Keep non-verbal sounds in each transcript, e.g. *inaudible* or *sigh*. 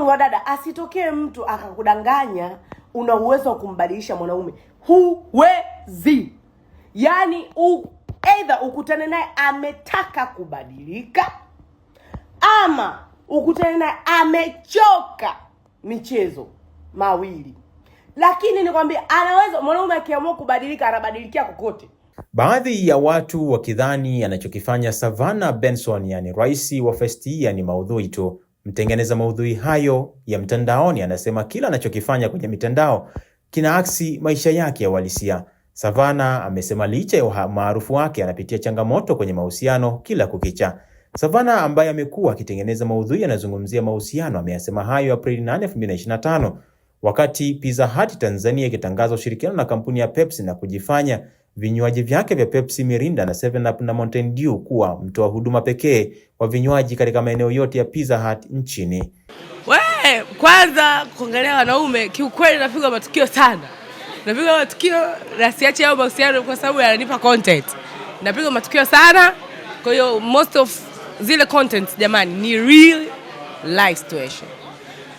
mm, wadada, asitokee mtu akakudanganya una uwezo wa kumbadilisha mwanaume. Huwezi. yani u, either ukutane naye ametaka kubadilika ama ukutane naye amechoka michezo mawili. Lakini nikwambia, anaweza mwanaume akiamua kubadilika, anabadilikia kokote. Baadhi ya watu wakidhani anachokifanya savana Benson, yani rais wa festi yani ni maudhui tu Mtengeneza maudhui hayo ya mtandaoni anasema kila anachokifanya kwenye mitandao kinaaksi maisha yake ya uhalisia. Savana amesema licha ya maarufu wake anapitia changamoto kwenye mahusiano kila kukicha. Savana ambaye amekuwa akitengeneza maudhui anazungumzia mahusiano ameyasema hayo Aprili 8, 2025 wakati Pizza Hut Tanzania ikitangaza ushirikiano na kampuni ya Pepsi na kujifanya vinywaji vyake vya Pepsi, Mirinda na 7up na Mountain Dew kuwa mtoa huduma pekee wa vinywaji katika maeneo yote ya Pizza Hut nchini. We, kwanza kuangalia wanaume kiukweli napigwa matukio sana. Napigwa matukio na siache yao mahusiano kwa sababu yananipa content. Napigwa matukio sana. Kwa hiyo most of zile content jamani ni real life situation.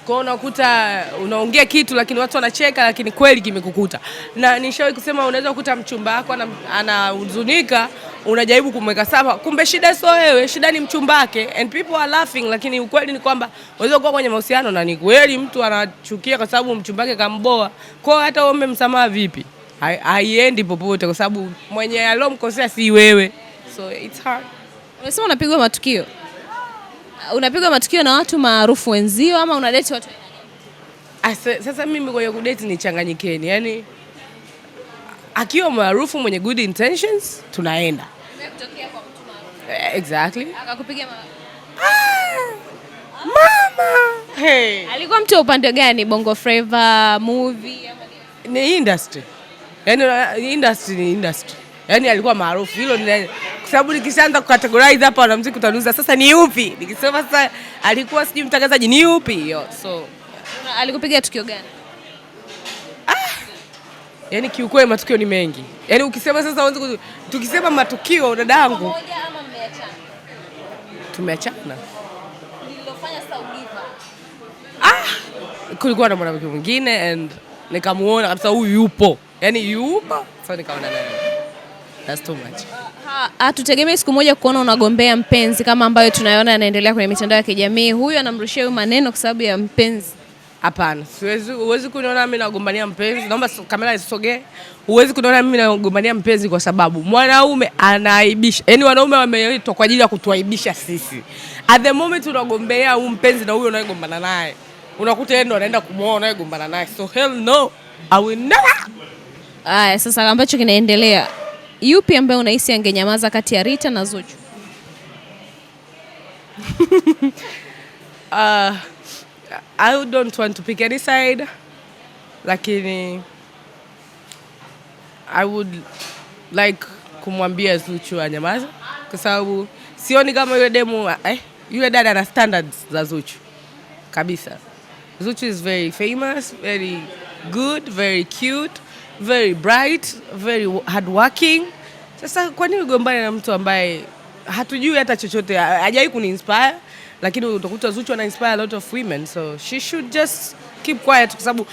Kwa unakuta unaongea kitu lakini watu wanacheka, lakini kweli kimekukuta. Na nishawahi kusema unaweza kukuta mchumba wako anahuzunika, unajaribu kumweka sawa, kumbe shida sio wewe, shida ni mchumba wake and people are laughing, lakini ukweli ni kwamba unaweza kuwa kwenye mahusiano na ni kweli mtu anachukia kwa sababu mchumba wake kamboa. Kwa hiyo hata uombe msamaha vipi, haiendi popote kwa sababu mwenye alomkosea si wewe, so it's hard. Unasema unapigwa matukio unapigwa matukio na watu maarufu wenzio ama unadeti watu aina ah, Sasa mimi kwenye kudeti changanyikeni, yani akiwa maarufu mwenye good intentions tunaenda. Eh, exactly. Akakupiga mama. Ah, mama. Hey. Alikuwa mtu wa upande gani? Bongo Flava, movie ama ni industry. Yani industry ni industry yani alikuwa maarufu hilo, kwa sababu nikishaanza kukategorize hapa wanamuziki utanuza, sasa ni yupi? nikisema sasa alikuwa sijui mtangazaji ni yupi hiyo. So alikupiga tukio gani? Ah! Yani kiukweli matukio ni mengi, yani ukisema sasa, tukisema matukio, dadangu, tumeachana. Ah, kulikuwa na mwanamke mwingine and nikamuona kabisa, huyu yupo, yani yupo, so nikaona naye That's too much. Hatutegemei siku moja kuona unagombea mpenzi kama ambayo tunayoona yanaendelea kwenye mitandao ya kijamii. Huyu anamrushia huyu maneno kwa sababu ya mpenzi. Hapana, siwezi. Huwezi kuniona mimi nagombania mpenzi. Naomba kamera isogee. Huwezi kuniona mimi nagombania mpenzi kwa sababu mwanaume anaaibisha, yaani wanaume wameitwa kwa ajili ya kutuaibisha sisi. At the moment unagombea huyu mpenzi na huyo unayegombana naye, unakuta yeye ndo anaenda kumwoa unayegombana naye. So hell no, I will never. Aya, sasa ambacho kinaendelea yupi ambaye unahisi angenyamaza kati ya Rita na Zuchu? *laughs* Uh, I don't want to pick any side, lakini I would like kumwambia Zuchu anyamaze kwa sababu sioni kama yule demu eh, yule dada ana standards za Zuchu kabisa. Zuchu is very famous, very good, very cute very bright, very hardworking. Sasa kwa nini ugombane na mtu ambaye hatujui hata chochote, hajawahi inspire, lakini utakuta Zuchu ana inspire a lot of women, so she should just keep quiet, kwa sababu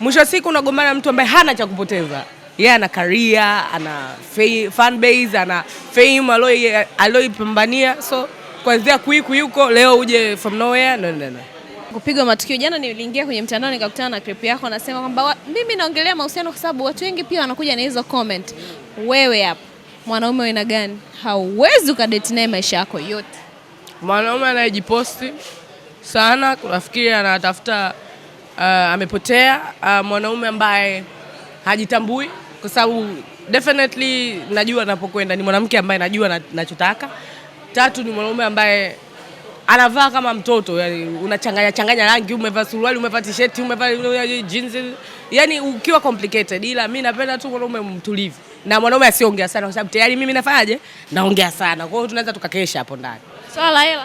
mwisho wa siku unagombana na mtu ambaye hana cha kupoteza yeye yeah, ana career, ana fan base, ana fame aloipambania, so kuanzia kuiku yuko leo uje from nowhere, no, no, no kupigwa matukio. Jana niliingia kwenye mtandao nikakutana na clip yako, nasema kwamba mimi naongelea mahusiano kwa sababu watu wengi pia wanakuja na hizo comment. Wewe hapa mwanaume aina gani hauwezi ukadate naye maisha yako yote? Mwanaume anayejiposti sana, nafikiri anatafuta uh, amepotea uh, mwanaume ambaye hajitambui, kwa sababu definitely najua napokwenda ni mwanamke ambaye najua nachotaka. Tatu ni mwanaume ambaye anavaa kama mtoto yani, unachanganya changanya rangi, umevaa suruali, umevaa t-shirt, umevaa jeans, yani ukiwa complicated, ila mimi napenda tu mwanaume mtulivu na mwanaume asiongea sana, kwa sababu tayari mimi nafanyaje, naongea sana. Kwa hiyo tunaweza tukakesha hapo ndani. Swala hela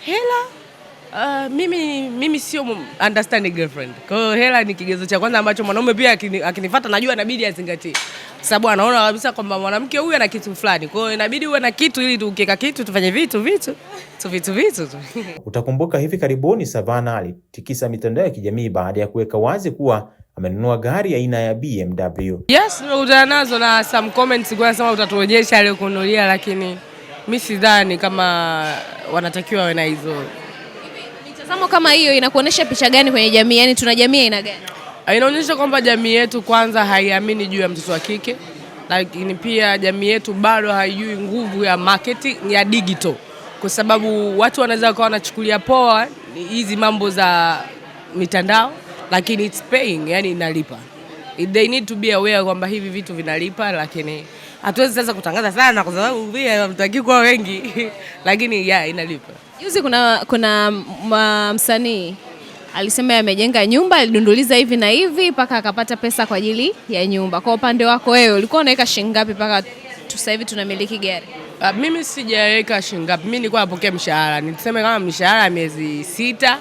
hela, uh, mimi, mimi sio understanding girlfriend. Kwa hiyo hela ni kigezo cha kwanza ambacho mwanaume pia akinifuata, najua inabidi azingatie sababu anaona kabisa kwamba mwanamke huyu ana kitu fulani, kwa hiyo inabidi uwe na kitu ili tukeka kitu tufanye vitu vitu tu vitu vitu *laughs* Utakumbuka hivi karibuni Savana alitikisa mitandao ya kijamii baada ya kuweka wazi kuwa amenunua gari aina ya, ya BMW. Yes, nimekutana nazo na some comments kwa sababu utatuonyesha aliyokununulia, lakini mimi sidhani kama wanatakiwa wawe na hizo mitazamo kama hiyo. Inakuonyesha picha gani kwenye jamii? Yaani tuna jamii aina gani? Ah, inaonyesha kwamba jamii yetu kwanza haiamini juu ya mtoto wa kike, lakini pia jamii yetu bado haijui nguvu ya marketing ya digital, kwa sababu watu wanaweza kuwa wanachukulia poa hizi mambo za mitandao, lakini it's paying, yani inalipa. They need to be aware kwamba hivi vitu vinalipa, lakini hatuwezi sasa kutangaza sana kwa sababu pia hamtaki kuwa wengi *laughs* lakini ya inalipa. Juzi kuna, kuna msanii alisema yamejenga nyumba, alidunduliza hivi na hivi mpaka akapata pesa kwa ajili ya nyumba. Kwa upande wako wewe ulikuwa unaweka shilingi ngapi mpaka sasa hivi tunamiliki gari? Uh, mimi sijaweka shilingi ngapi. Mimi nilikuwa napokea mshahara, nilisema kama mshahara ya miezi sita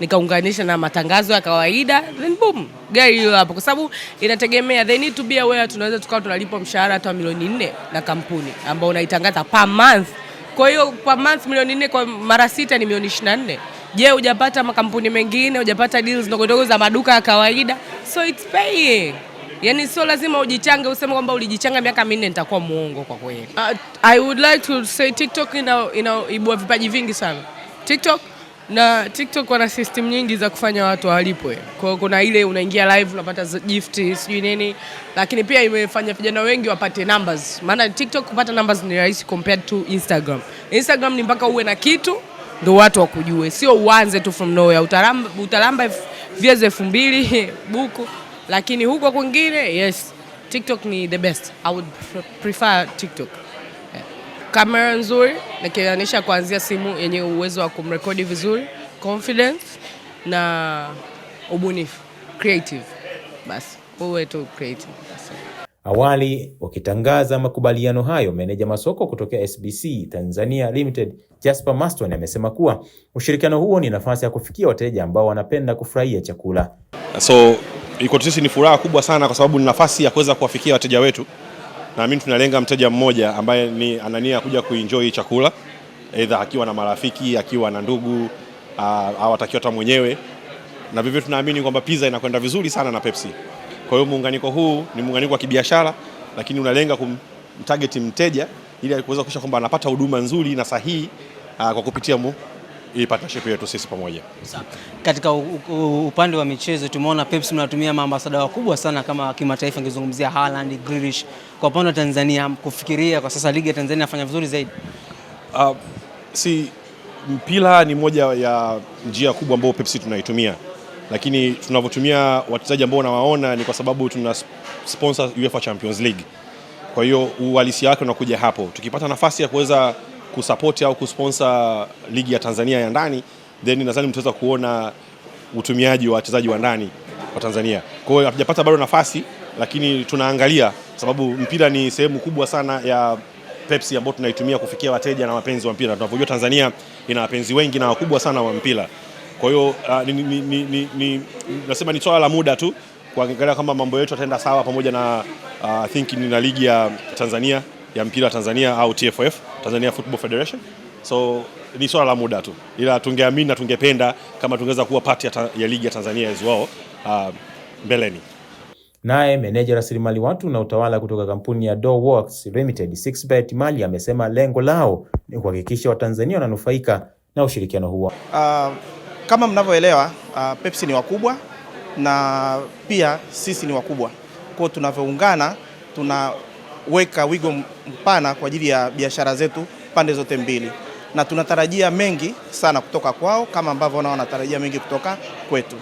nikaunganisha na matangazo ya kawaida then boom, gari hiyo hapo, kwa sababu inategemea. They need to be aware, tunaweza tukawa tunalipwa mshahara hata milioni nne na kampuni ambao unaitangaza per month. Kwa hiyo per month milioni nne kwa mara sita ni milioni ishirini na nne. Je, hujapata makampuni mengine, hujapata deals ndogo ndogo za maduka ya kawaida? So it's paying. Yani sio lazima ujichange useme kwamba ulijichanga miaka minne nitakuwa muongo kwa kweli. Uh, I would like to say TikTok ina inaibua vipaji vingi sana. TikTok na TikTok wana system nyingi za kufanya watu walipwe. Kwa kuna ile unaingia live unapata gift sijui nini, lakini pia imefanya vijana wengi wapate numbers. Maana TikTok kupata numbers ni rahisi compared to Instagram. Instagram ni mpaka uwe na kitu ndo watu wakujue, sio uanze tu from nowhere. Utalamba, utalamba views elfu mbili *laughs* buku, lakini huko kwingine yes, TikTok ni the best. I would prefer TikTok. Kamera nzuri nikianisha kuanzia simu yenye uwezo wa kumrekodi vizuri, confidence na ubunifu creative, basi uwe tu creative Awali wakitangaza makubaliano hayo, meneja masoko kutokea SBC Tanzania Limited Jasper Maston amesema kuwa ushirikiano huo ni nafasi ya kufikia wateja ambao wanapenda kufurahia chakula. So iko sisi ni furaha kubwa sana, kwa sababu ni nafasi ya kuweza kuwafikia wateja wetu. Naamini tunalenga mteja mmoja ambaye ni anania kuja kuenjoy chakula, aidha akiwa na marafiki, akiwa na ndugu ah, au atakiwa hata mwenyewe, na vivyo tunaamini kwamba pizza inakwenda vizuri sana na Pepsi. Kwa hiyo muunganiko huu ni muunganiko wa kibiashara, lakini unalenga kumtarget mteja ili kuweza kuhakikisha kwamba anapata huduma nzuri na sahihi ah, kwa kupitia mu hii partnership yetu sisi pamoja. Katika upande wa michezo tumeona Pepsi mnatumia maambasada wakubwa sana kama kimataifa, ngizungumzia Haaland, Grealish. Kwa upande wa Tanzania kufikiria kwa sasa ligi ya Tanzania inafanya vizuri zaidi. Uh, si mpira ni moja ya njia kubwa ambayo Pepsi tunaitumia lakini tunavyotumia wachezaji ambao unawaona ni kwa sababu tuna sponsor UEFA Champions League. Kwa hiyo uhalisia wake unakuja hapo. Tukipata nafasi ya kuweza kusupport au kusponsor ligi ya Tanzania ya ndani, then nadhani mtaweza kuona utumiaji wa wachezaji wa ndani wa Tanzania. Kwa hiyo hatujapata bado nafasi, lakini tunaangalia, sababu mpira ni sehemu kubwa sana ya Pepsi ambayo tunaitumia kufikia wateja na wapenzi wa mpira. Tunavyojua Tanzania ina wapenzi wengi na wakubwa sana wa mpira. Kwa hiyo uh, ni, ni, ni, ni, ni, nasema ni swala la muda tu kuangalia kwamba mambo yetu yataenda sawa, pamoja na uh, ni na ligi ya Tanzania ya mpira wa Tanzania au TFF Tanzania Football Federation. So ni swala la muda tu, ila tungeamini na tungependa kama tungeweza kuwa part ya, ya ligi ya Tanzania as well uh, mbeleni. Naye meneja rasilimali watu na utawala kutoka kampuni ya Works Limited 6bet Mali amesema lengo lao ni kuhakikisha Watanzania wananufaika na ushirikiano huo. Uh, kama mnavyoelewa uh, Pepsi ni wakubwa na pia sisi ni wakubwa, kwa hiyo tunavyoungana, tunaweka wigo mpana kwa ajili ya biashara zetu pande zote mbili, na tunatarajia mengi sana kutoka kwao kama ambavyo nao wanatarajia mengi kutoka kwetu.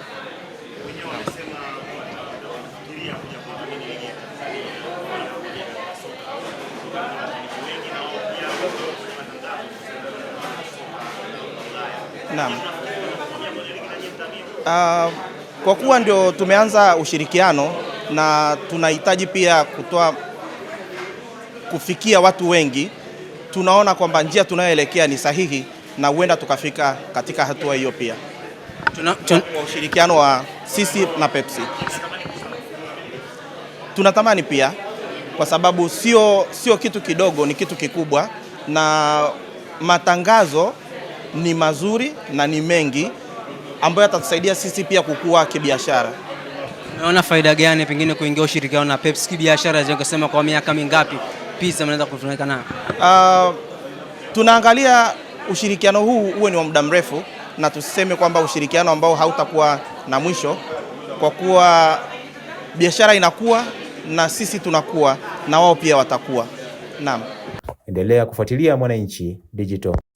Naam. Uh, kwa kuwa ndio tumeanza ushirikiano na tunahitaji pia kutoa kufikia watu wengi, tunaona kwamba njia tunayoelekea ni sahihi na huenda tukafika katika hatua hiyo pia tuna, tun... kwa ushirikiano wa sisi na Pepsi tunatamani pia, kwa sababu sio sio kitu kidogo, ni kitu kikubwa, na matangazo ni mazuri na ni mengi ambayo atatusaidia sisi pia kukua kibiashara. Unaona faida gani pengine kuingia ushirikiano na Pepsi kibiashara, zingesema kwa miaka mingapi pizza mnaweza kufunika nayo? Uh, tunaangalia ushirikiano huu uwe ni wa muda mrefu na tuseme kwamba ushirikiano ambao hautakuwa na mwisho, kwa kuwa biashara inakuwa na sisi tunakuwa na wao pia watakuwa. Naam, endelea kufuatilia Mwananchi Digital.